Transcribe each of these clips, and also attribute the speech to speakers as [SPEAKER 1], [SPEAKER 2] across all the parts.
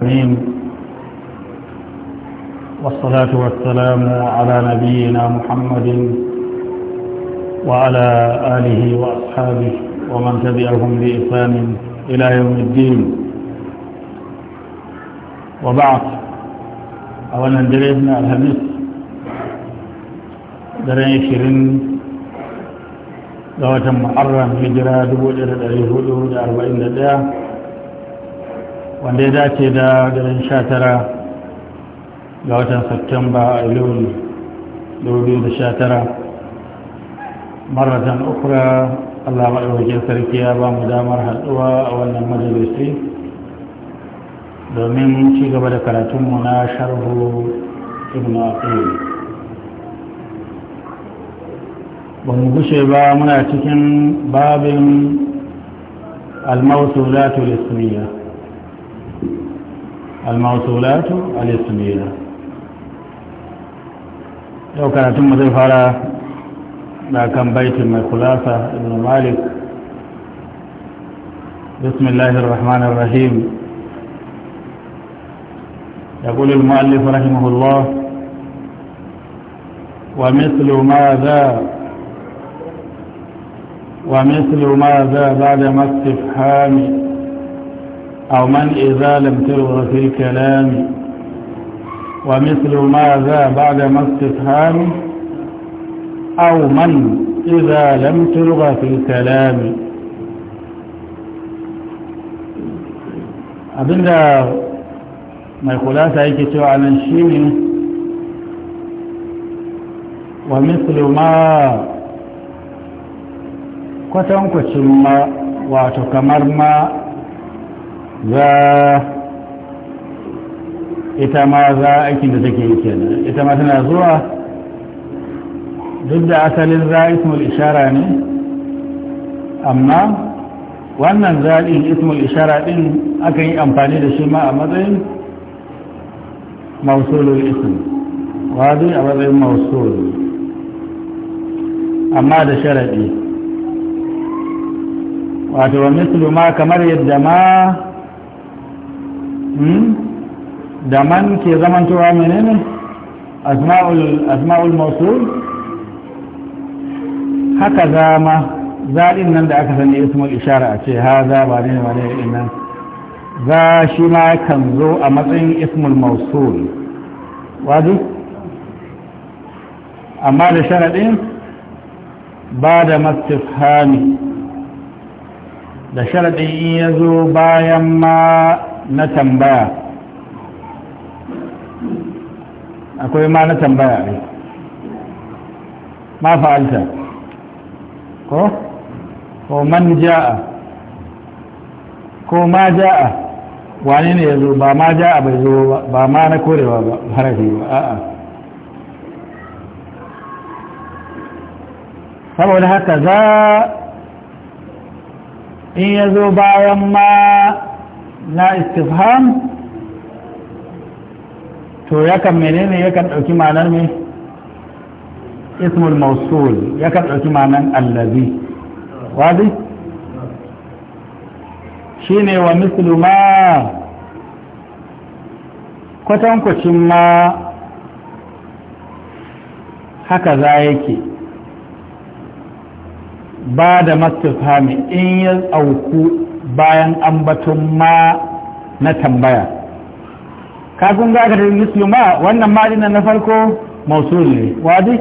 [SPEAKER 1] الرحيم والصلاة والسلام على نبينا محمد وعلى آله وأصحابه ومن تبعهم بإحسان إلى يوم الدين وبعد أولا درينا الهمس درين شرين دوة محرم هجرة دبو الإرد أيه دبو الأربعين wanda ya dace da garin tara ga watan Satumba a ilon 2019 maratan ukura Allah maɗaukakin sarki ya ba mu damar haɗuwa a wannan majalisi domin ci gaba da karatunmu na sharhu ibn aqil ba mu gushe ba muna cikin babin al-mawsulatul ismiyya الموصولات الاسمية لو كانت ثم تفعل ما كان بيت من خلافة ابن مالك بسم الله الرحمن الرحيم يقول المؤلف رحمه الله ومثل ماذا ومثل ماذا بعد ما استفحامي أو من إذا لم تلغ في الكلام ومثل ماذا بعدما استفهام أو من إذا لم تلغ في الكلام abinda mai kulasa yake cewa nan shine wa mislu kwatankwacin ma wato kamar ma za ita ma za aikin da take yi kenan ita ma tana zuwa duk da asalin za ismul ishara ne amma wannan zaɗin ismul ishara ɗin aka yi amfani da shi ma a matsayin mausulul ism wazi a matsayin mausul amma da sharaɗi wato wa mislu ma kamar yadda ma Hmm? da man ke zamantowa menene asma'ul mausul haka zama zaɗin nan da aka sani ismul ishara a ce ha za ba ne ba ne nan za shi ma kan zo a matsayin ismul mausul wadu amma da sharaɗin ba da mastifhami da sharaɗin in ya zo bayan ma na tambaya akwai ma na tambaya ne ma fa'alta ko ko man ja'a ko ma ja'a wani ne ya zo ba ma ja'a bai zo ba ma na korewa ba harafi ba a'a saboda haka za in ya zo bayan ma na istifham to yakan menene yakan ɗauki ma'anar mai ismul mausul yakan ɗauki ma'anar allazi wadi shine wa mislu ma kwatankwacin ma haka za yake ba da mastifhami in ya auku bayan ambaton ma na tambaya kafin ga aka mislu ma wannan ma na farko mausul ne wadi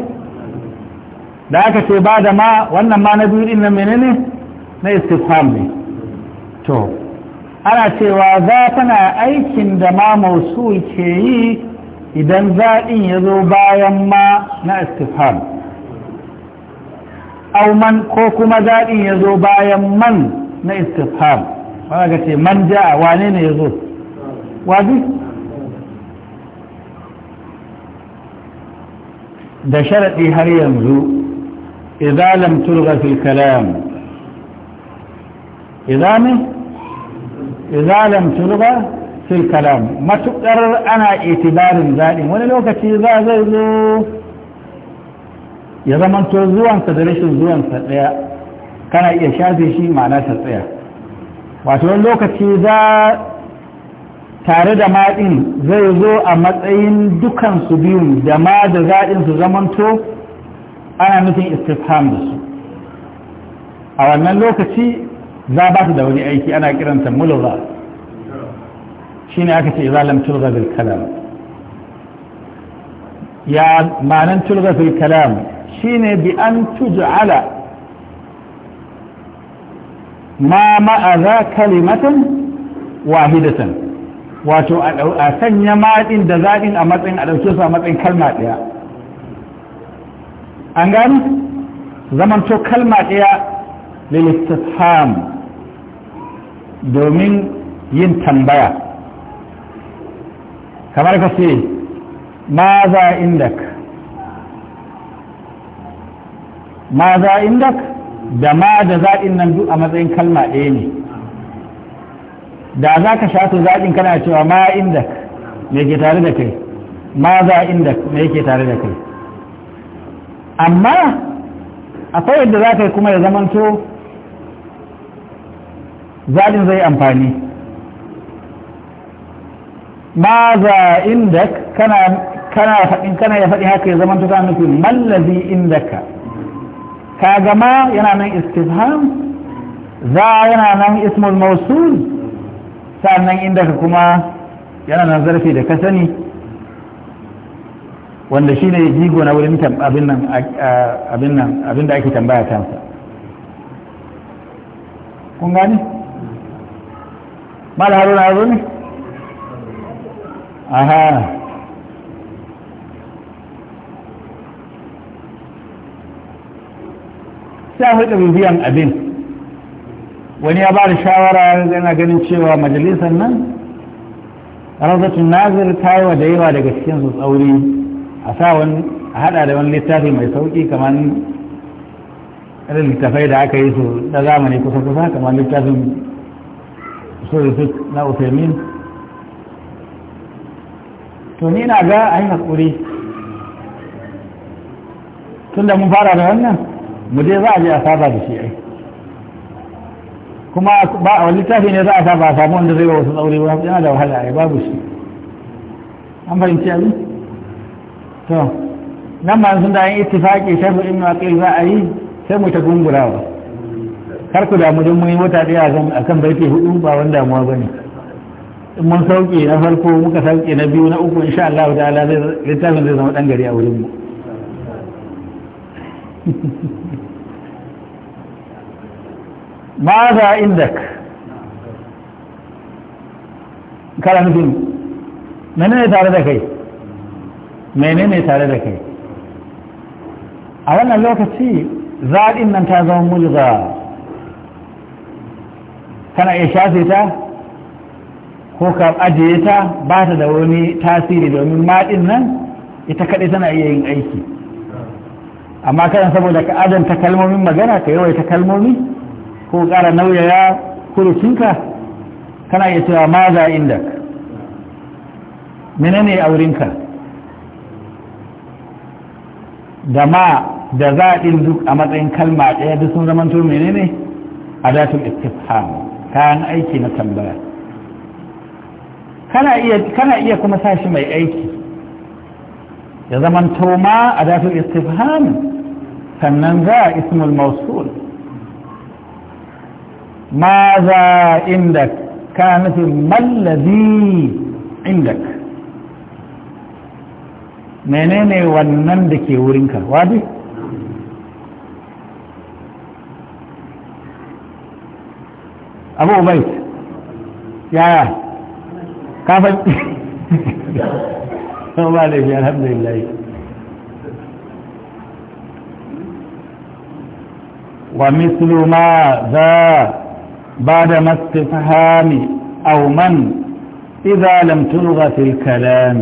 [SPEAKER 1] da aka ce ba da ma wannan ma na biyu din na menene na istifham ne to ana cewa za tana aikin da ma mausul ke yi idan zaɗin ya zo bayan ma na istifham auman ko kuma zaɗin ya zo bayan man na istifham wanda ga ce man ja'a wane ne ya zo wazi da sharaɗi har yanzu إذا لم تلغى في الكلام إذا من إذا لم تلغى في الكلام ما تقرر أنا اعتبار ذلك ولا لو كتير ذا زي ذو يضمن تزوان تدريش الزوان فلا kana iya shafe shi ma'ana ta tsaya wato wani lokaci za tare da maɗin zai zo a matsayin dukan su biyun da ma da zaɗin su zamanto ana nufin istifham da su a wannan lokaci za ba su da wani aiki ana kiranta mulura shi ne aka ce zalam turga bil kalam ya ma'anan turga bil kalam shine bi an ala. ma ma'aza kalimatan wahidatan wato a sanya maɗin da zaɗin a matsayin a ɗauke su a matsayin kalma ɗaya an gani zamanto kalma ɗaya lilistafham domin yin tambaya kamar ka ce ma za indak ma za indak da ma da zaɗin nan duk a matsayin kalma ɗaya ne da za ka shato zaɗin kana cewa ma inda me ke tare da kai ma za inda me yake tare da kai amma akwai yadda za ka yi kuma ya zamanto zaɗin zai amfani ma za inda kana kana faɗin kana ya faɗi haka ya zamanto ta nufin mallazi inda ka ka gama yana nan istifham za yana nan ismul mausul sannan inda ka kuma yana nan zarfi da ka sani wanda shi ne jigo na wurin abin da ake tambaya kansa kun gani? mala haruna ne? aha a hudun biyan abin wani ya ba da shawara yana ganin cewa majalisar nan razatun nazir ta yi wa da yawa daga cikin su tsauri a sa wani a hada da wani littafi mai sauki kamar irin littafai da aka yi su na zamani kusa kusa kamar littafin su na usaimin to ni na ga a yi haƙuri tun da mun fara da wannan mu dai za a je a saba da shi ai kuma ba a wani littafi ne za a saba a samu wanda zai ba wasu tsauri ba yana da wahala ai babu shi an fahimci abin to nan ma sun da yin sai mu ibn aqil za a yi sai mu ta gungurawa kar ku damu don mun yi wata daya zan akan baiti hudu ba wani damuwa ne, in mun sauke na farko muka sauke na biyu na uku insha Allah ta'ala zai littafin zai zama dan gari a wurin mu ماذا عندك kana nufin mene ne tare da kai mene ne tare da kai a wannan lokaci zaɗin nan ta zama mulga kana iya shafe ta ko ka ajiye ta ba ta da wani tasiri domin maɗin nan ita kaɗai tana iya yin aiki amma kanan saboda ka adanta kalmomin magana ka yawaita kalmomi ko ƙara nauyaya kurucinka kana iya cewa ma za inda menene a wurinka da ma da za ɗin duk a matsayin kalma ɗaya duk sun zamanto menene a datul istifham kayan aiki na tambaya kana iya kuma sashi mai aiki ya zamanto ma a datul istifham sannan za ismul mausul maza indak ka ما الذي عندك menene wannan da ke wurinka wadi abu ya yaya kafin ba da shi alhamdulillah ma za? بعد ما استفهام أو من إذا لم تلغى في الكلام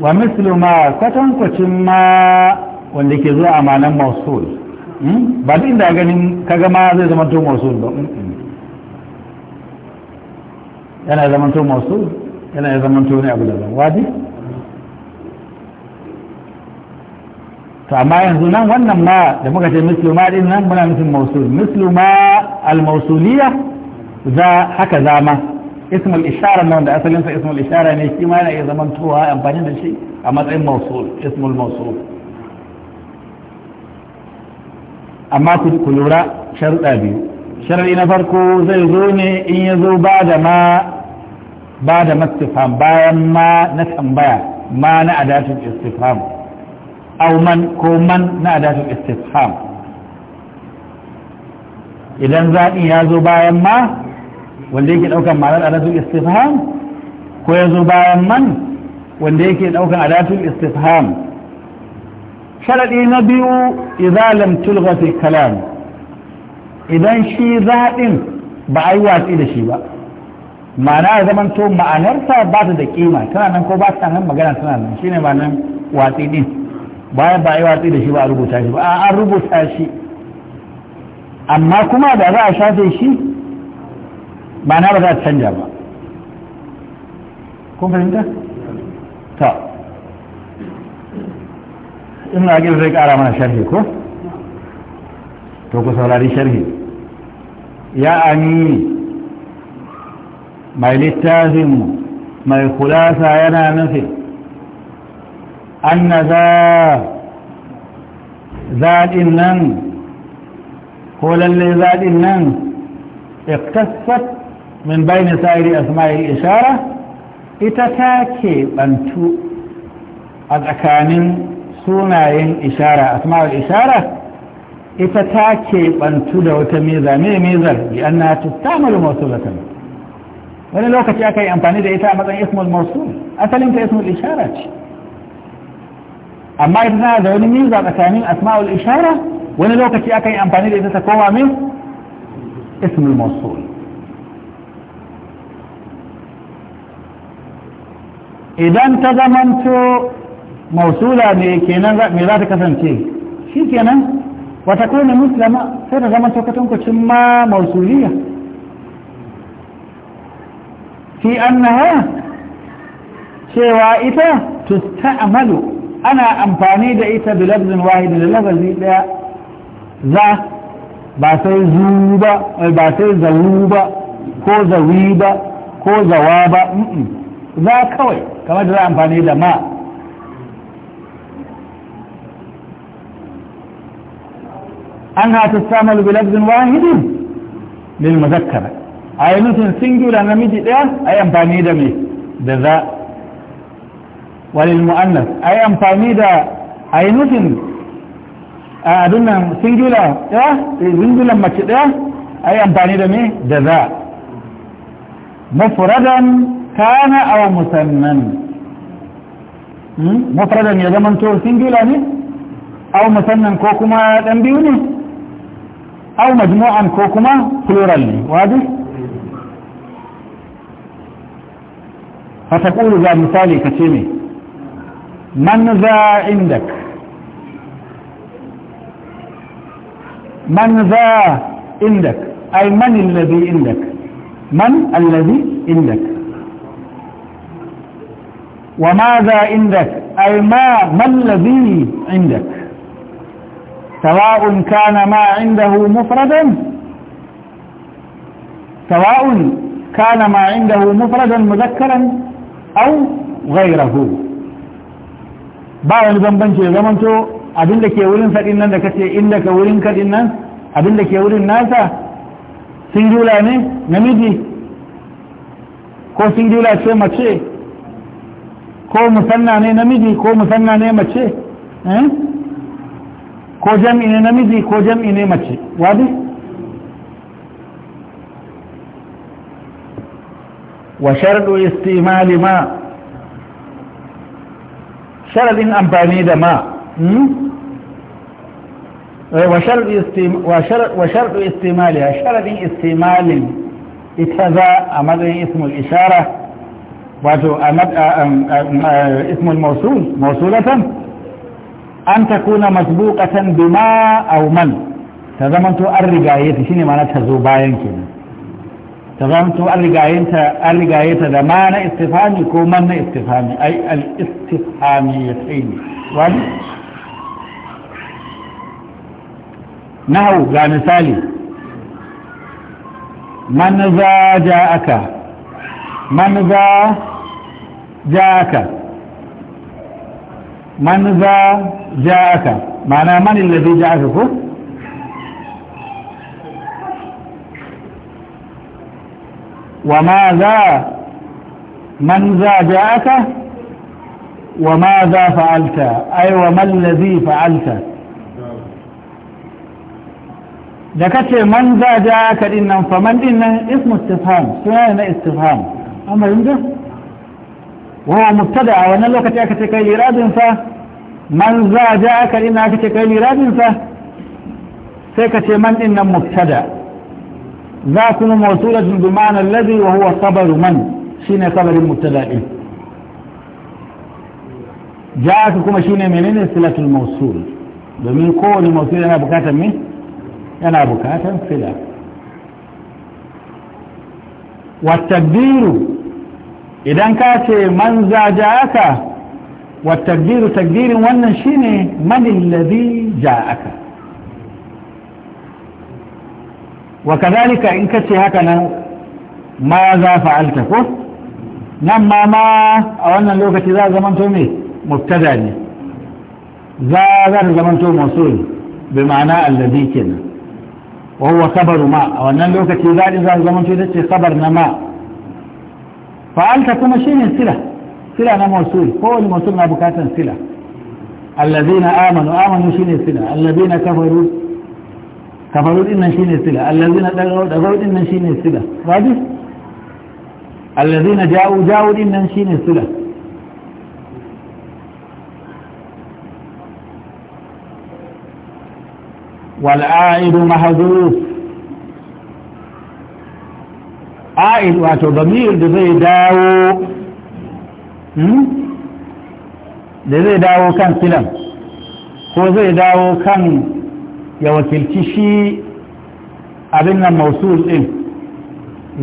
[SPEAKER 1] ومثل ما كتنك تما وانك زوء معنا موصول بل إن دعاني كما زي تو موصول أنا تو موصول أنا تو نعبد الله واضح to amma yanzu nan wannan ma da muka ce mislu ma din nan muna nufin mausul mislu ma al mausuliya za haka zama ismul ishara nan da asalin sa ismul ishara ne shi ma yana iya zaman towa amfani da shi a matsayin mausul ismul mausul amma ku lura sharuɗa biyu sharadi na farko zai zo ne in ya zo ba da ma ba da mastifam bayan ma na tambaya ma na adatin istifam Auman ko man na adatul istifham idan zaɓin ya zo bayan ma wanda yake ɗaukan ma'anar adatul istifham ko ya zo bayan man wanda yake ɗaukan adatul istifham sharaɗi na biyu idan lam kalam idan shi zaɗin ba a yi watsi da shi ba ma'ana ya zaman to ma'anarsa ba ta da kima tana nan ko ba ta nan magana tana nan shine ma'anar watsi din bayan ba a yi watsi da shi ba a rubuta shi ba an rubuta shi amma kuma da za a shafe shi ba na ba za a canja ba kun fahimta? ta ina gina zai kara mana sharhi ko? to ku saurari sharhi ya amini mai littafin mai kulasa yana nufin an na zaɗin nan ko lalle zaɗin nan iktasat min bayani sa'iri asma'il ishara ita ta keɓantu a tsakanin sunayen ishara asma'il ishara ita ta keɓantu da wata miza ne mizar bi an na tuttamalu mausulatan wani lokaci aka yi amfani da ita a matsayin ismul mausul asalin ta ismul ishara ce amma idan tana da wani miza tsakanin asma'ul ishara wani lokaci aka yi amfani da ita ta koma min ismul mawsul idan ta zamanto mausula ne kenan me za ta kasance shi kenan wata kone musulama sai ta zamanto katankwacin ma mausuliya fi annaha cewa ita amalu أنا أمفاني دا إيتا بلبز واحد للبز إيتا ذا باسي زوبا باسي زوبا كو زويبا كو زوابا ذا كوي كما ترى أمفاني دا ما أنها تستعمل بلبز واحد للمذكرة أي نتن سنجل أنا ميجي إيه أي أمفاني دا مي ذا walil mu'annas ai amfani da ai nufin abin nan singular ɗaya singular mace ɗaya ai amfani da me da za Mafuradan kana aw musannan hmm? mufradan ya zama to singular ne aw musannan ko kuma dan biyu ne aw majmu'an ko kuma plural ne wadi Fata taqulu ga misali kace ne. من ذا عندك من ذا عندك أي من الذي عندك من الذي عندك وماذا عندك أي ما ما الذي عندك سواء كان ما عنده مفردا سواء كان ما عنده مفردا مذكرا أو غيره ba wani bambanci ya zamanto abin da ke wurin faɗin nan da kace inda ka wurin kaɗin nan abin da ke wurin nasa singular ne namiji ko singular ce mace ko musanna ne namiji ko musanna ne mace eh? ko jam'i ne namiji ko jam'i ne mace wadi wa sharɗu istimali ma sharadin amfani da ma wa sharɗu istimali a sharadin istimalin ita za a matsayin ismul ishara wato ismul mausulatan an ta kuna masbukatan bima auman ta zamanto an rigaye ta shine mana ta zo bayan kenan تفهمتوا الرقايتة الرقايتة ذا مانا استفهامي كومانا استفهامي أي الاستفهاميتين واني يعني نهو ذا سالي من ذا جاءك من ذا جاءك من ذا جاءك معنى من الذي جاءك وماذا من ذا جاءك وماذا فعلت أي وما الذي فعلت da kace man za ja ka dinnan fa man dinnan ismu istifham suna na istifham amma yanzu wa mubtada a wannan lokaci aka ce kai liradin man za ja ka dinnan aka ce kai sai kace man ذات موصولة بمعنى الذي وهو خبر sabarin شين خبر المبتدا جاءت كما شين منين صلة الموصول domin kowane mausul yana bukatar me yana bukatar fila wattabiru idan ka ce man zaja'aka wattabiru takdirin wannan shine man ja aka. وكذلك إن كتش هكذا ماذا فعلت نما ما ما أولا لو كتش ذا زمنته ميه مبتدأني ذا ذا زمنته موصول بمعنى الذي كنا وهو خبر ما أو لو كتش ذا ذا زمنته ذا خبر نما فعلت كما شيني سلة سلة نموصول هو اللي موصول نبكاتا سلة الذين آمنوا آمنوا شيني سلة الذين كفروا kafaru din nan shine sila allazina dagaw dagaw din nan shine sila rabi allazina ja'u ja'u din nan shine sila wal a'idu mahdhuf a'id wato damir da zai dawo da zai dawo kan silan ko zai dawo kan ya wakilci shi abin nan mausul ɗin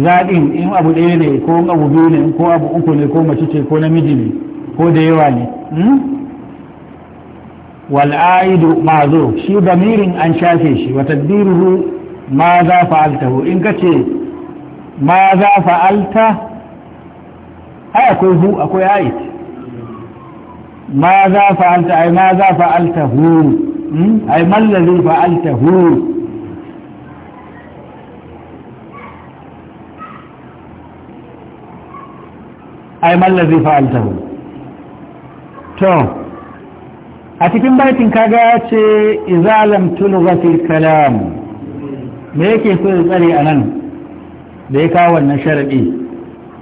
[SPEAKER 1] zaɗin in abu ɗaya ne ko abu biyu ne ko abu uku ne ko mace ce ko namiji ne ko da yawa ne hmm? wal'aidu mazo shi damirin an shafe shi wata tadbiruhu ma za fa'altahu in ka ce ma za fa'alta ai akwai hu akwai ait ma za fa'alta ai ma za hu. Hmm? ai mallazi fa'altahu ai mallazi fa'altahu to a cikin bakin kaga ya ce izalam tulghatil kalam me yake so tsare a nan da kawo wannan sharaɗi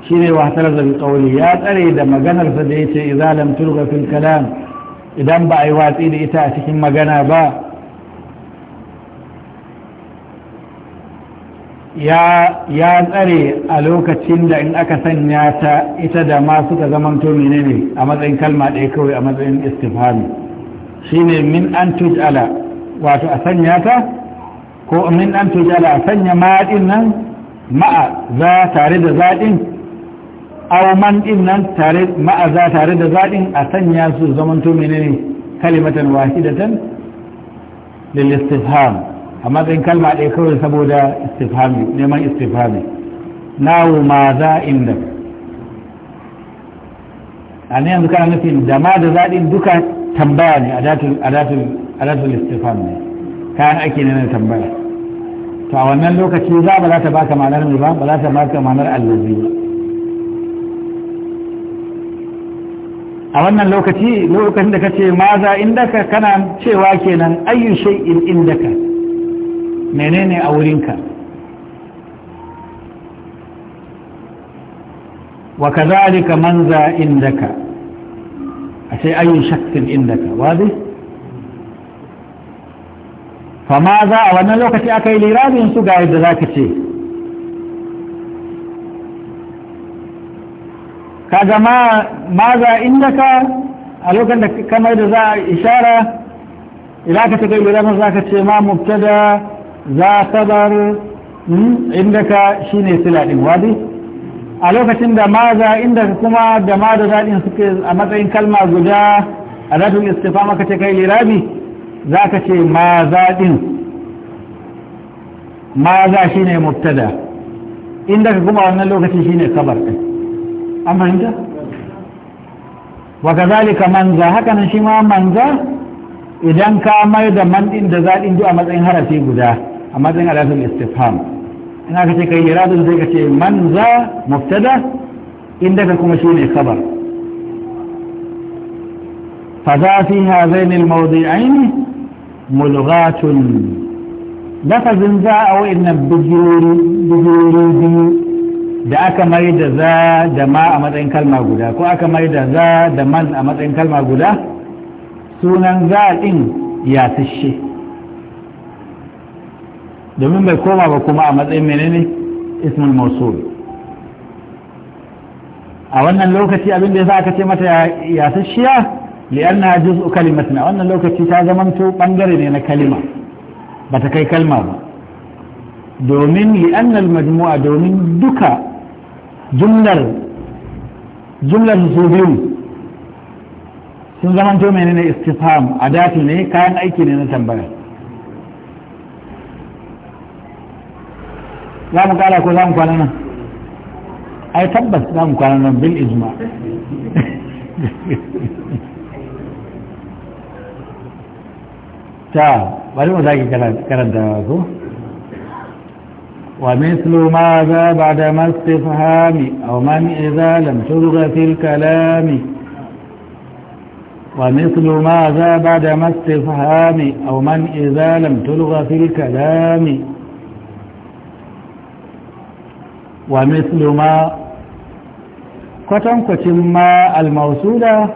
[SPEAKER 1] shine ne wa hatar ya tsare da maganarsa da ya ce izalam tulghatil idan ba a yi watsi da ita a cikin magana ba ya tsare a lokacin da in aka sanya ta ita da ma suka zamanto ne a matsayin kalma ɗaya kawai a matsayin Shi shine min an tujala wato a sanya ta ko min an tujala a sanya maɗin nan ma'a za tare da zaɗin auman din nan tare ma'aza tare da zaɗin a sanya su zamanto menene kalimatan wahidatan lil istifham amma matsayin kalma ɗaya kawai saboda istifhami neman istifhami nawo ma za inda a ne yanzu kana nufin da ma da zaɗin duka tambaya ne a datul istifham ne kayan ake na tambaya to a wannan lokaci za ba za ta baka ma'anar ne ba ba za ta baka ma'anar allazi ba a wannan lokaci lokacin da kace maza ka kana cewa kenan ayyu shay'in ka menene a wurinka wa kadhalika manza a ashe ayyun shakkin inda indaka wazi fa ma za a wannan lokaci aka yi lirabin su ga yadda ka ce kaga ma maza ka a lokacin da kamar da za a ishara ila ka tafi gudanar za ka ce ma mubtada za sabar hmm, ka shine sila din wadi a lokacin da maza ka kuma da ma da zaɗin suke a matsayin kalma guda a zaɗin istifa maka ce kai lirabi za ka ce ma zaɗin maza shine mubtada ka kuma wannan lokaci shine kabar ɗin amanja wakadhalika manza haka nan shi ma manza idan ka mai da man din da za zaɗin a matsayin harafi guda a matsayin harafin istifham ina ka ce kai iradun sai ka ce manza mubtada inda ka kuma shine khabar fada fi هذين al mawdi'ain mulghatun ذا أو aw inna bujuri bujuri da aka mai da za da ma a matsayin kalma guda ko aka mai da za da man a matsayin kalma guda sunan za ɗin ya fishe domin bai koma ba kuma a matsayin menene ismul mausul a wannan lokaci abin da yasa aka ce mata ya na li'anna su kalimatin a wannan lokaci ta zamanto bangare ne na kalima ba ta kai kalma ba domin na majmu'a domin duka jumlar jumlar su biyu sun zamanto menene istifham adati ne kayan aiki ne na tambaya za mu kala ko za mu kwana nan ai tabbas za mu kwana nan bil ijma ta bari mu zaki karanta ko ومثل ماذا بعد ما استفهام أو من إذا لم تلغ في الكلام ومثل ماذا بعد ما استفهام أو من إذا لم تلغ في الكلام ومثل ما كتن كتن ما الموصولة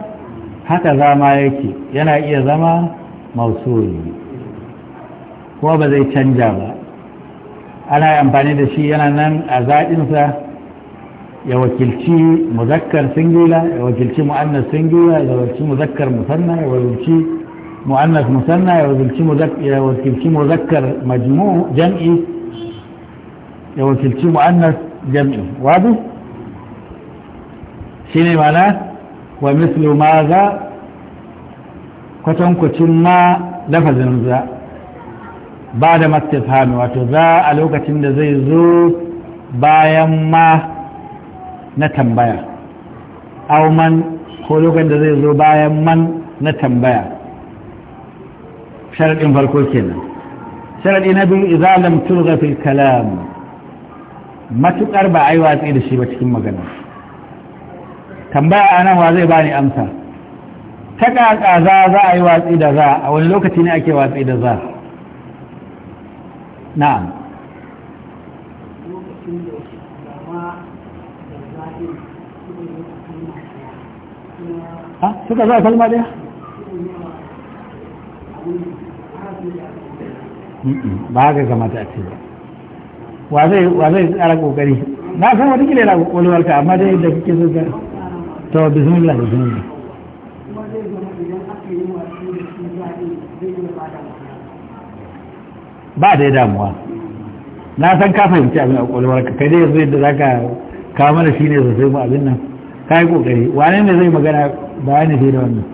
[SPEAKER 1] هكذا ما يكي iya zama mausuli kuma ba zai ana amfani da shi yana nan a zaɗinsa ya wakilci muzakkar singula ya wakilci mu'annas singula ya wakilci muzakkar musanna ya wakilci mu'annas musanna ya wakilci muzakkar majmu jam'i ya wakilci mu'annas jam'i wadu shi ne mana wa mislu ma za kwatankwacin ma lafazin za ba da mastifami wato za a lokacin da zai zo bayan ma na tambaya auman ko lokacin da zai zo bayan man na tambaya sharaɗin farko kenan sharaɗi na biyu izalam turga fil kalam matuƙar ba a yi watsi da shi ba cikin magana tambaya a nan wa zai ba ni amsa ta ƙaƙa za a yi watsi da za a wani lokaci ne ake watsi da za نعم
[SPEAKER 2] suka za a kalma daya?
[SPEAKER 1] ba haka kamata a ce ba wa zai tsara kokari na san wata kila yana kwakwalwarka amma dai da kake zuka to bismillah bismillah ba da damuwa na san ka fahimci abin a kwalwar ka kai dai yanzu yadda za ka kawo mana shi ne sosai mu abin nan ka yi kokari wane ne zai magana bayani shi da wannan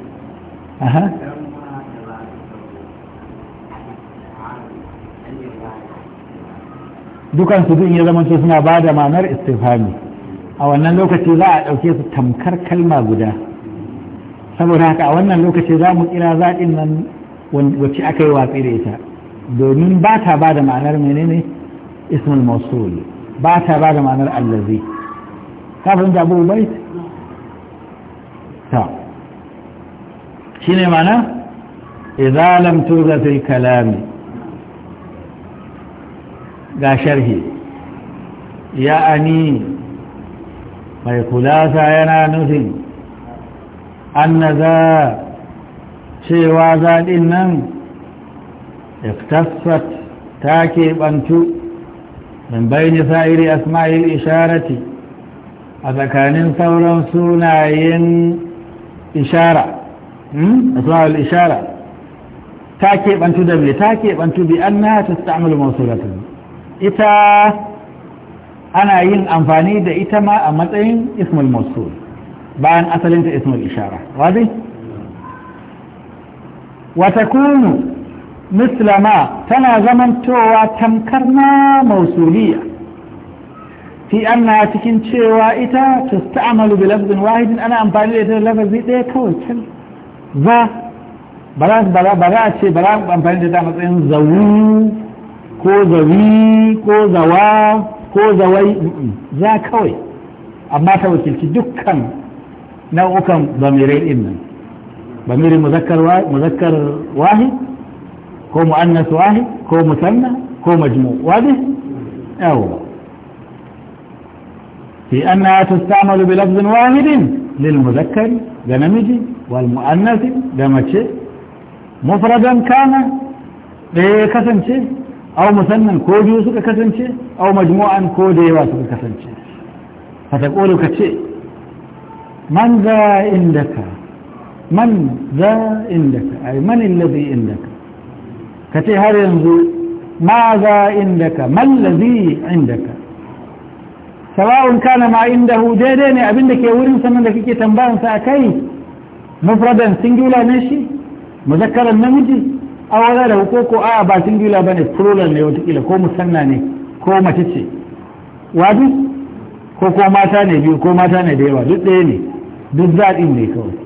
[SPEAKER 1] dukan su ya zama su suna ba da ma'anar istifami a wannan lokaci za a ɗauke su tamkar kalma guda saboda haka a wannan lokaci za mu kira zaɗin nan wacce aka yi watsi da ita domin ba ta ba da ma'anar menene ismul mausul ba ta ba da ma'anar allazi kafin fahimta abu bai ta shi ne mana idza lam tuzatil kalami ga sharhi ya'ani mai kulasa yana nufin an na za cewa zaɗin nan اختصت تاكي بنتو من بين سائر أسماء الإشارة أذكان ثورا سناي إشارة أسماء الإشارة تاكي بنتو دبلي تاكي بنتو بأنها تستعمل موصولة إتا ana yin amfani da ita ma a matsayin ismul mausul bayan asalinta ismul ishara wazi wata kunu muslama tana zamantowa tamkar na mausuliya fi anna cikin cewa ita tusta'malu bi lafzin wahidin ana amfani da ita lafazi ɗaya kawai can za ba za a ce ba za a amfani da ita matsayin zawu ko zawi ko zawai za kawai amma ta wakilci dukkan nau'ukan zamirai ɗin nan wahid كو مؤنث واحد كو مثنى كو مجموع واضح أو أيوة. في أنها تستعمل بلفظ واحد للمذكر جنمجي والمؤنث دمجي مفردا كان إيه كسنشي أو مثنى كو سك كسنشي أو مجموعا كو سك كسنشي فتقول كتشي من ذا عندك من ذا عندك أي من الذي عندك ka ce har yanzu ma za indaka mallazi indaka sawa'un kana ma indahu daidai ne abinda ke wurin sannan da kake tambayan sa kai mufradan singular ne shi muzakkaran namiji a wadda da ko a ba singular ba ne plural ne watakila ko musanna ne ko mace ce wadu ko ko mata ne biyu ko mata ne da yawa duk ɗaya ne duk zaɗin ne kawai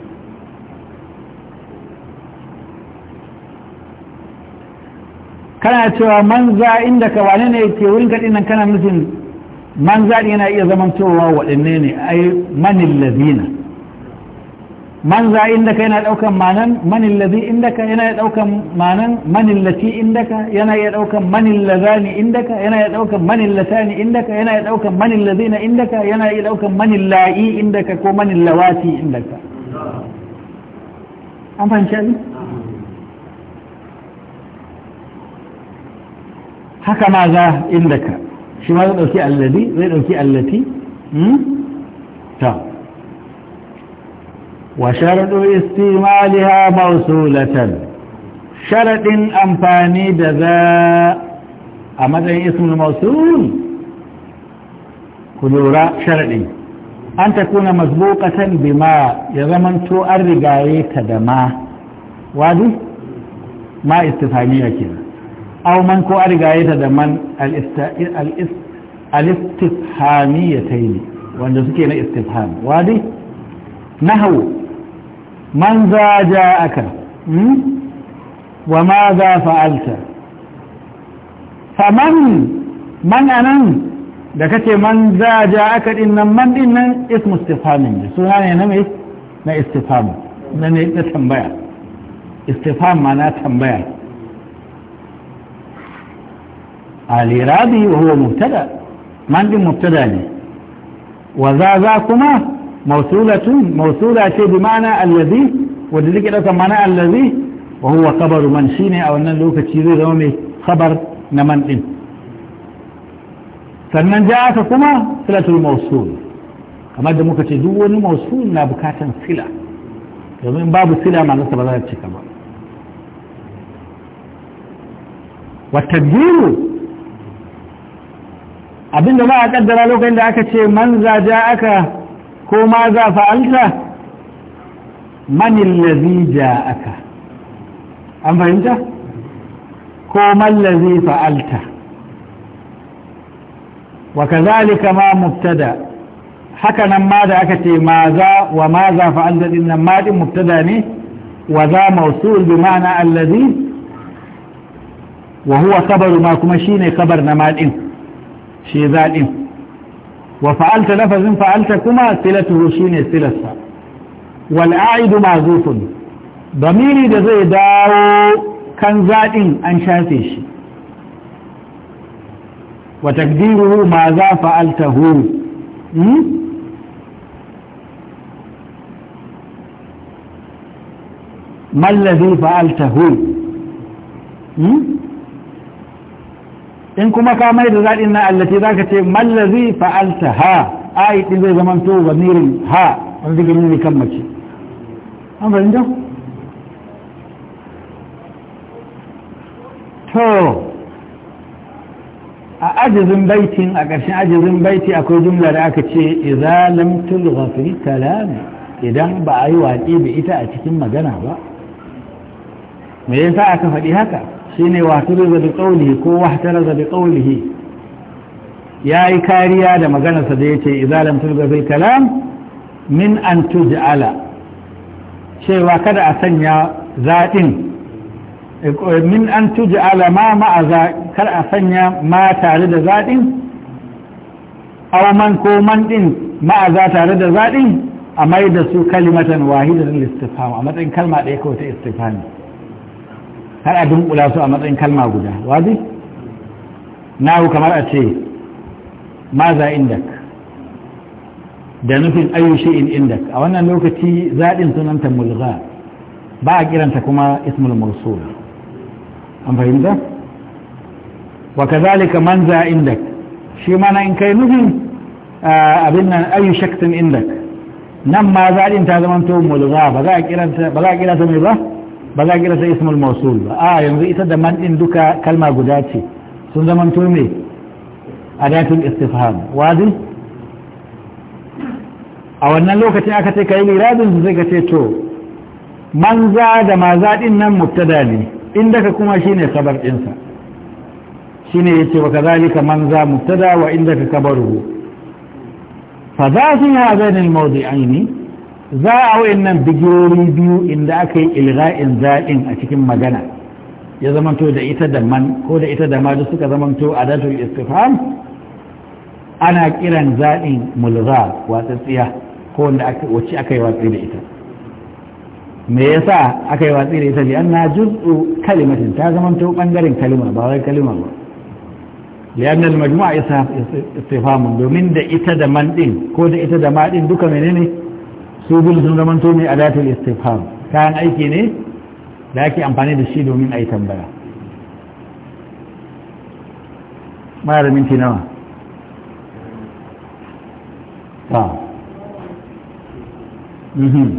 [SPEAKER 1] kana cewa manza inda ka wane ne ke wurin kaɗin nan kana nufin manza yana iya zaman zamantowa waɗanne ne ai manin lazina manza inda ka yana ɗaukan manan manin lazi inda ka yana ɗaukan manan manin lati inda ka yana iya ɗaukan manin lazani inda ka yana iya ɗaukan manin latani inda ka yana iya ɗaukan manin lazina inda ka yana iya ɗaukan manin la'i inda ka ko manin lawati inda ka an fahimci haka ma za inda ka shi ma zai ɗauki alladi zai ɗauki allati hmm? ta wa sharaɗo istimaliha mausulatan sharaɗin amfani da za a matsayin ismul mausul ku lura sharaɗin an ta kuna masbukatan ma ya zamanto an rigaye ta da ma wadi ma istifaniya kenan أو من كو أرغاية دمان الاستفهامية تيني وان جسكينا استفهام وادي نهو من ذا جاءك وماذا فعلت فمن من أنن دكتي من ذا جاءك إن من إن اسم استفهامي سوهاني نمي استفهام نمي استفهام معناه تنبيع ali rabi wa huwa mubtada man din mubtada ne wa za za kuma mausulatun mausula ce bi ma'ana allazi wanda zai dauka ma'ana allazi wa huwa khabaru man shine a wannan lokaci zai zama mai khabar na man din sannan ja aka kuma silatul mausul kamar da muka ce duk wani mausul na bukatan sila domin babu sila ma ma'anarsa ba za ta cika ba والتدبير abinda ba a kaddara lokacin da aka ce man za ja aka ko ma za fa'alta manin lazi ja aka an fahimta? ko man lazi fa'alta wa kazalika ma mubtada haka nan ma da aka ce ma za wa ma za fa'alta din nan ma mubtada ne wa za mausul bi ma'ana allazi wa huwa kabaru ma kuma shi ne kabar na maɗin? shi zaɗin wa fa'alta lafazin fa'alta kuma silatuhu shi ne silarsa wal'a'idu mazufin damiri da zai dawo kan zaɗin an shafe shi wa takdiruhu ma za fa'altahu fa'alta hu! in kuma ka mai da zaɗin na allati za ka ce mallazi fa'alta ha ayi ɗin zai zama to zamirin ha wani zai gani ne kan mace an bari da to a ajizin baitin a ƙarshen ajizin baiti akwai jumla da aka ce idza lam tulgha fi kalam idan ba a yi waƙi da ita a cikin magana ba me yasa aka faɗi haka shine wahtalaza bi qawlihi ko wahtalaza bi qawlihi yayi kariya da maganarsa da yace idza lam tulga fil kalam min an tuj'ala cewa kada a sanya zaɗin min an tuj'ala ma ma'a kar a sanya ma tare da zaɗin aw man ko man din ma'a za tare da zaɗin a mai da su kalimatan wahidatan listifham a matsayin kalma ɗaya kawai ta istifhami har a dunkula su a matsayin kalma guda wazi nahu kamar a ce maza indak da nufin ayyushe in indak a wannan lokaci zaɗin sunanta mulga ba a kiranta kuma ismul mursul an fahimta wa kazalika manza indak shi mana in kai nufin abin nan ayu indak nan ma zaɗin ta zamanto mulga ba za a kiranta mai ba ba za a kira sai ismul mausul ba a yanzu ita da man din duka kalma guda ce sun zamanto ne adatul istifham wadi a wannan lokacin aka ce kai liradin sai zai ce to man za da maza din nan mubtada ne inda ka kuma shine sabar din sa shine yace wa kazalika man za mubtada wa inda ka kabaru fa za fi hadain al mawdi'aini za a wayannan bigiyoyi biyu inda aka yi ilga'in za'in a cikin magana ya zamanto da ita da man ko da ita da ma suka zamanto a datul istifam? ana kiran za'in mulza watsatsiya ko wanda wacce aka yi watsi da ita me yasa aka yi watsi da ita li anna juz'u kalimatin ta zamanto bangaren kalima ba wai kalima ba لأن المجموعة استفهام دومين ده إتا ده من دين كود إتا ده ما دين دوكا ne. su biyu sun zama to ne adatul istifham kayan aiki ne da ake amfani da shi domin a yi tambaya mara da minti nawa ta mhm.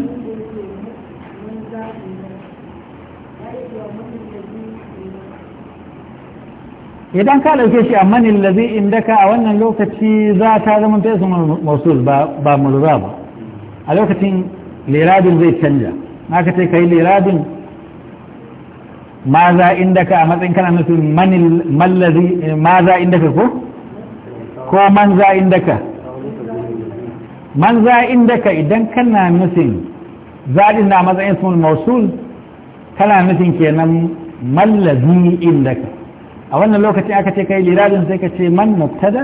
[SPEAKER 1] idan ka dauke shi a manin lazi ka a wannan lokaci za ta zama ta isu masul ba murza ba a lokacin lirabin zai canja aka ce kai liradin maza inda ka a matsayin kana nufin mallazi eh, maza inda ka ko ko manza inda ka manza inda ka idan kana nufin zaɗin na matsayin sun mausul kana nufin kenan mallari inda ka a wannan lokaci aka ce kai lirabin sai ka ce man mubtada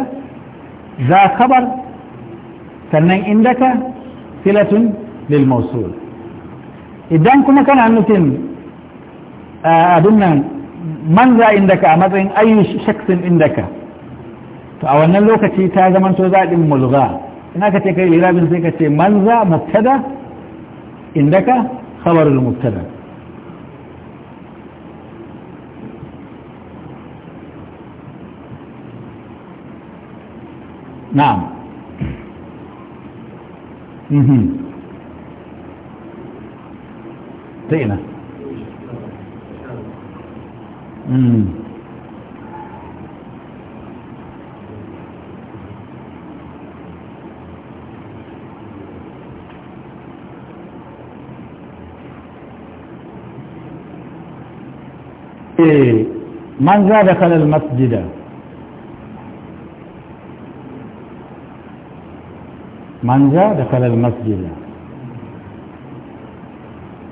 [SPEAKER 1] za kabar sannan inda ka صلة للموصول إذن كنا كان عندنا آه، أدنى من ذا عندك أمزين أي شخص عندك فأولنا لو كتي تازم أنت ذا ملغا إنا كتي كي لابن زي كتي من ذا مبتدى عندك خبر المبتدى نعم تئنا إيه، من ذا دخل المسجد من دخل المسجد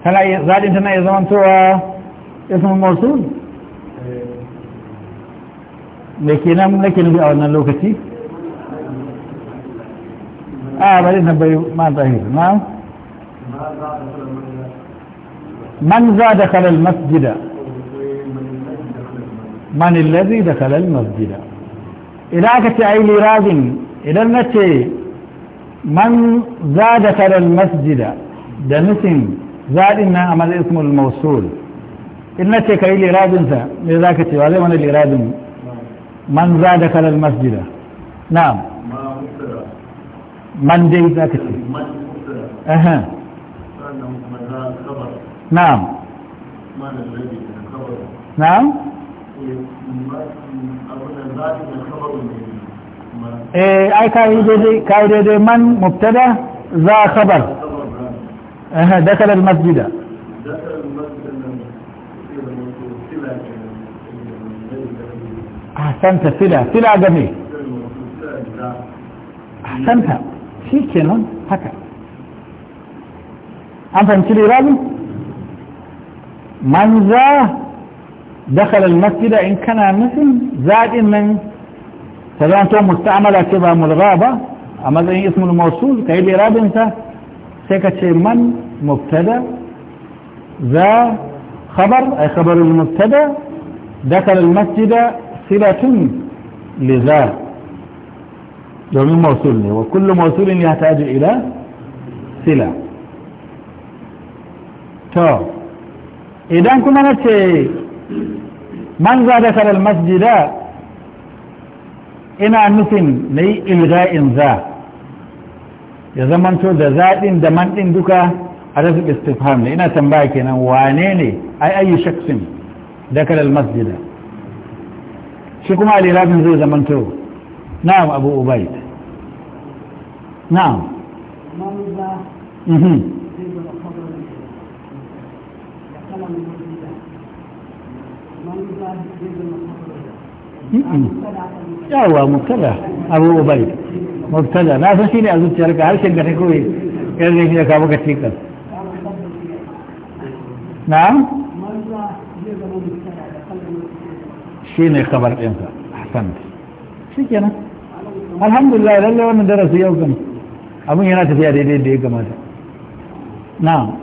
[SPEAKER 1] هل ذلك انتنا يزمن تو اسم الموصول لكن لكن اللي اولنا لوكتي اه بل انتنا بي ما تهيه نعم من جاء دخل المسجد من الذي دخل المسجد إذا كنت أي لراغ إذا نتي من زاد على المسجد ده نسم زاد إنا عمل اسم الموصول إنا تكاي لراد انت لذاك تيوالي من لراد من زاد على المسجد نعم من دي ذاك تي أها نعم نعم ايه اي كاي ديدي كاي ديدي من مبتدا ذا خبر اها دخل المسجد احسنت سلا سلا جميل احسنت في كنون هكا انت انتلي رابي من ذا دخل المسجد ان كان مثل ذا من فده تكون مستعملة كده ملغابة أما زي اسم الموصول كايب رابنسة أنت سيكتش من مبتدا ذا خبر أي خبر المبتدا دخل المسجد صلة لذا يومين موصول وكل موصول يحتاج إلى صلة تو إذا كنا نتشي من ذا دخل المسجد ina nufin na yi ilga'in za ya zamanto da zaɗin da man duka a rasu istifham ne ina tambaya kenan wane ne ai ayyu shaksin da kalal masjida shi kuma alilafin zai zamanto na'am abu ubaid na'am Mm-mm.
[SPEAKER 2] Mhm. yawa mubtada abu
[SPEAKER 1] ubai mubtada na san shine a zuciyarka harshen da ka koyi yanzu shi da ka maka na? shi shine kabar ɗinsa Hassan shi kenan alhamdulillah lallai wannan darasi yau kan abin yana tafiya daidai da ya kamata na'am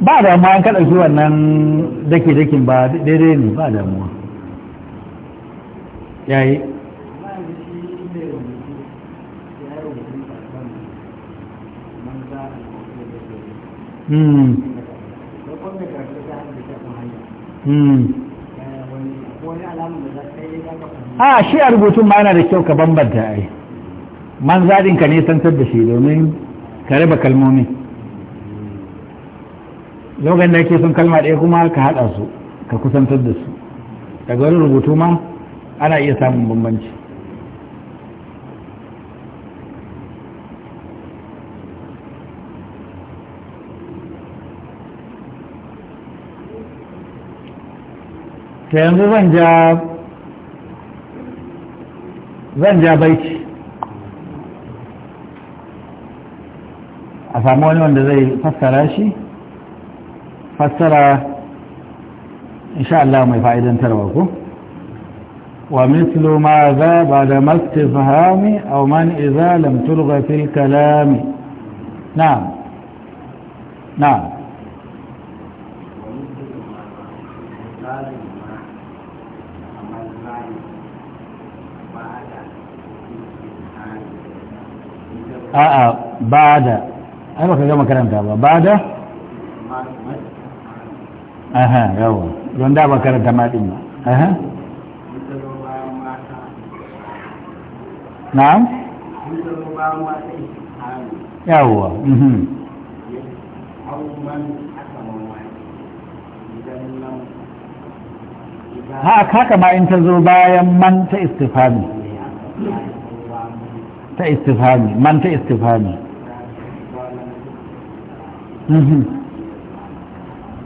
[SPEAKER 1] ba damuwa an zuwa wannan dake-dakin ba daidai ne ba damuwa yayi
[SPEAKER 2] hmm. hmm. a
[SPEAKER 1] shi a rubutun ma yana da kyau ka bambanta ai man ka ne santar da shi domin ka ba kalmomi lokacin da ke sun kalma ɗaya kuma ka haɗa su ka kusantar da su daga wani rubutu ma ana iya samun bambanci ta yanzu zan ja baiti a samu wani wanda zai fassara shi fassara insha Allah mai fa'idantarwa ko ومثل ماذا بعدما استفهام أو من إذا لم تلغى في الكلام نعم a'a ba da ai baka gama karanta ba ba da aha yawa don da ba karanta ba aha na'am yawa mhm
[SPEAKER 2] ha haka ma
[SPEAKER 1] in ta zo bayan man ta istifami ta istifami man ta istifami Mhm.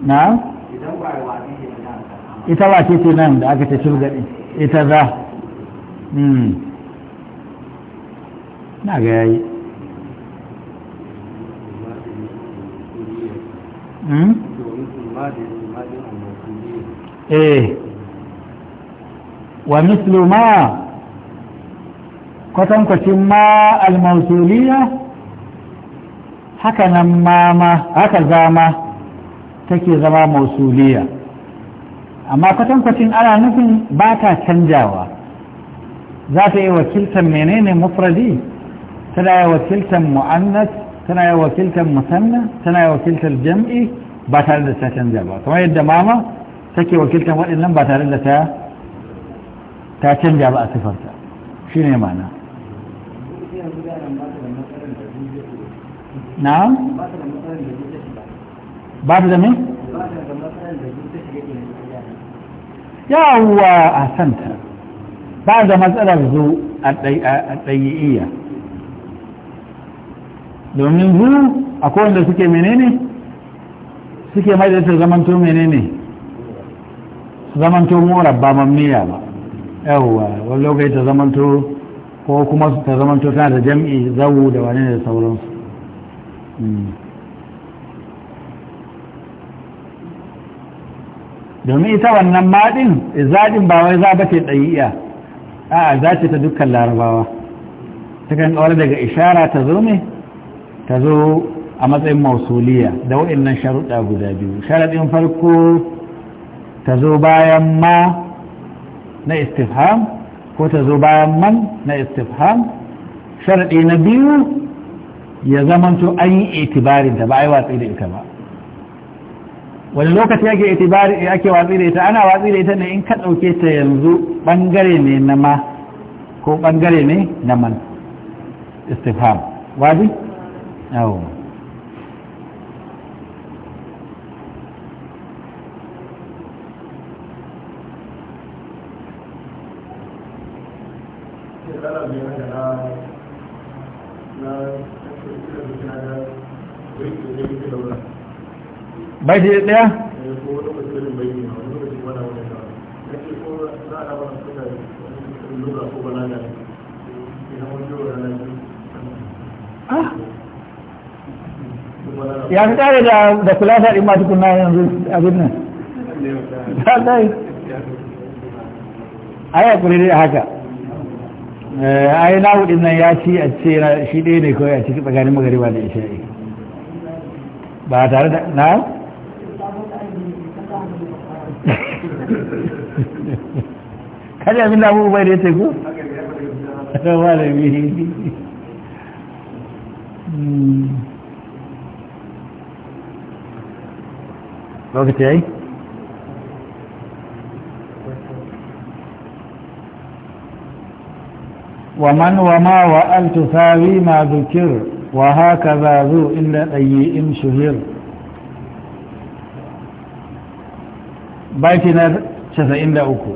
[SPEAKER 1] na ita ba ce nan da aka ta shirgaɗe ita za hmm. na ga yayi hmm? eh wa mislu ma kwatankwacin ma al mausuliyya haka nan mama haka zama take zama mausuliya amma kwatankwacin ana nufin ba ta canjawa za ta yi wakiltar menene mufradi tana yi wakiltar mu'annas tana yi wakiltar musanna tana yi wakiltar jam'i ba tare da ta canja ba kamar yadda mama take wakiltar waɗannan ba tare da ta ta canja ba a sifarta shi ne mana na ba da me yawwa a santa ba da matsalar zu a ɗayi'iyya domin zu a kowanda suke menene suke majalisar zamanto menene zamanto mora ba mamniya ba yawwa wani lokaci ta zamanto ko kuma ta zamanto tana da jam'i zawu da wani da sauransu Hmm. domin ita wannan maɗin zaɗin ba wai za ba ce ɗayi'a a za ce ta dukkan larabawa ta kan ƙawar daga ishara ta zo ne ta zo a matsayin mausuliya da wa'annan sharuɗa guda biyu sharaɗin farko ta zo bayan ma na istifham ko ta zo bayan man na istifham sharaɗi na biyu ya zamanto an yi itibarin da ba a yi watsi da ita ba wani lokaci yake itibari ake watsi da ita ana watsi da ita ne in ka ɗauke ta yanzu ɓangare ne na ma ko ɓangare ne na man istifham wadi? yawo
[SPEAKER 2] Thank you. baiti daya ya fi
[SPEAKER 1] tare da kulasa ɗin ma tukuna yanzu abin nan ta tsaye a yi a haka Eh, ai na wudin nan ya ci a ce shi ɗaya ne kawai a ciki tsakanin magariba da isha'i ba tare da na kaji abin da abubuwa da ya ce hmm. lokaci ya yi ومن وما وأن تساوي ما ذكر وهكذا ذو إلا أي إن شهر بيتنا شفئين لأكو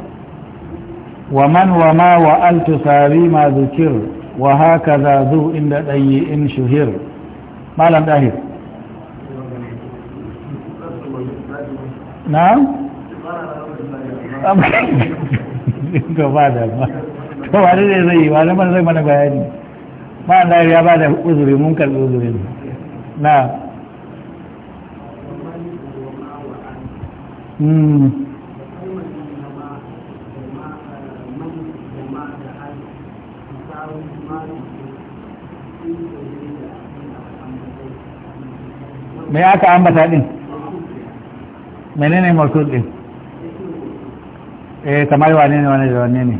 [SPEAKER 1] ومن وما وأن تساوي ما ذكر وهكذا ذو إلا أي إن شهر ما لم تأهر نعم ko ba dai zai yi malaman zai mana bayani ba Allah ya ba da uzuri mun karbi uzuri na mai hmm.
[SPEAKER 2] me aka ambata din
[SPEAKER 1] menene maksud din eh kamar wane ne wane ne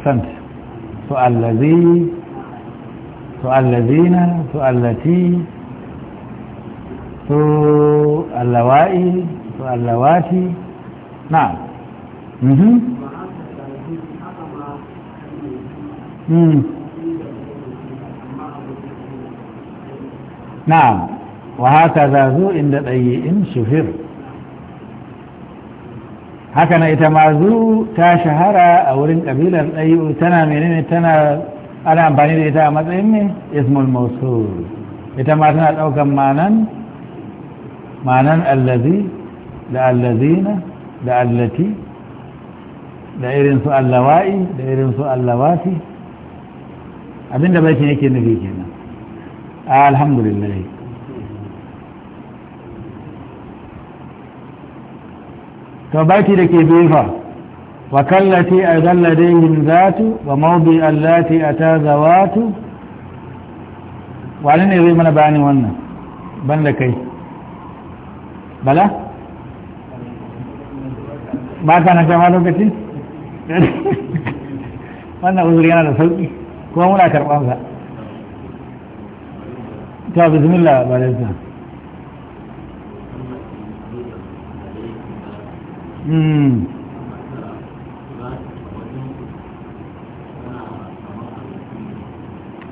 [SPEAKER 1] أحسنت سؤال الذي سؤال الذين سؤال التي سؤال اللوائي سؤال اللواتي نعم مهم. مم. نعم وهكذا ذو عند ضيء شفر haka na ita mazu ta shahara a wurin kabilar ɗayu tana menene tana ana amfani da ita a matsayin ne ismul mausul ita ma tana ɗaukan manan manan allazi da allazina da allati da irin su allawa'i da irin su allawati abinda baitin yake nufi kenan alhamdulillah to baki da ke bifa, wa kallati a yin zatu wa maubi allati ta zawatu wani ne zai mana bayanin wannan ban da kai bala ba ka na kama lokaci wannan uzuri yana da sauki kuma muna karɓansa ta bismillah ba da Hmm.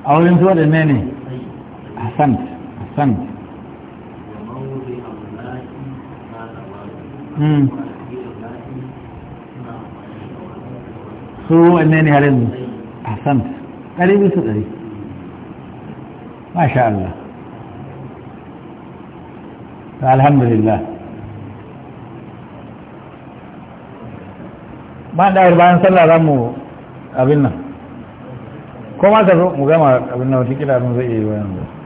[SPEAKER 1] a wurin zuwa da ne ne a sant su wanne ne harin a sant ɗari bisa ɗari masha Allah alhamdulillah ba da bayan sallah za mu abin nan ko ma ta mu gama abin nan wata kira abin zai iya yi wa yanzu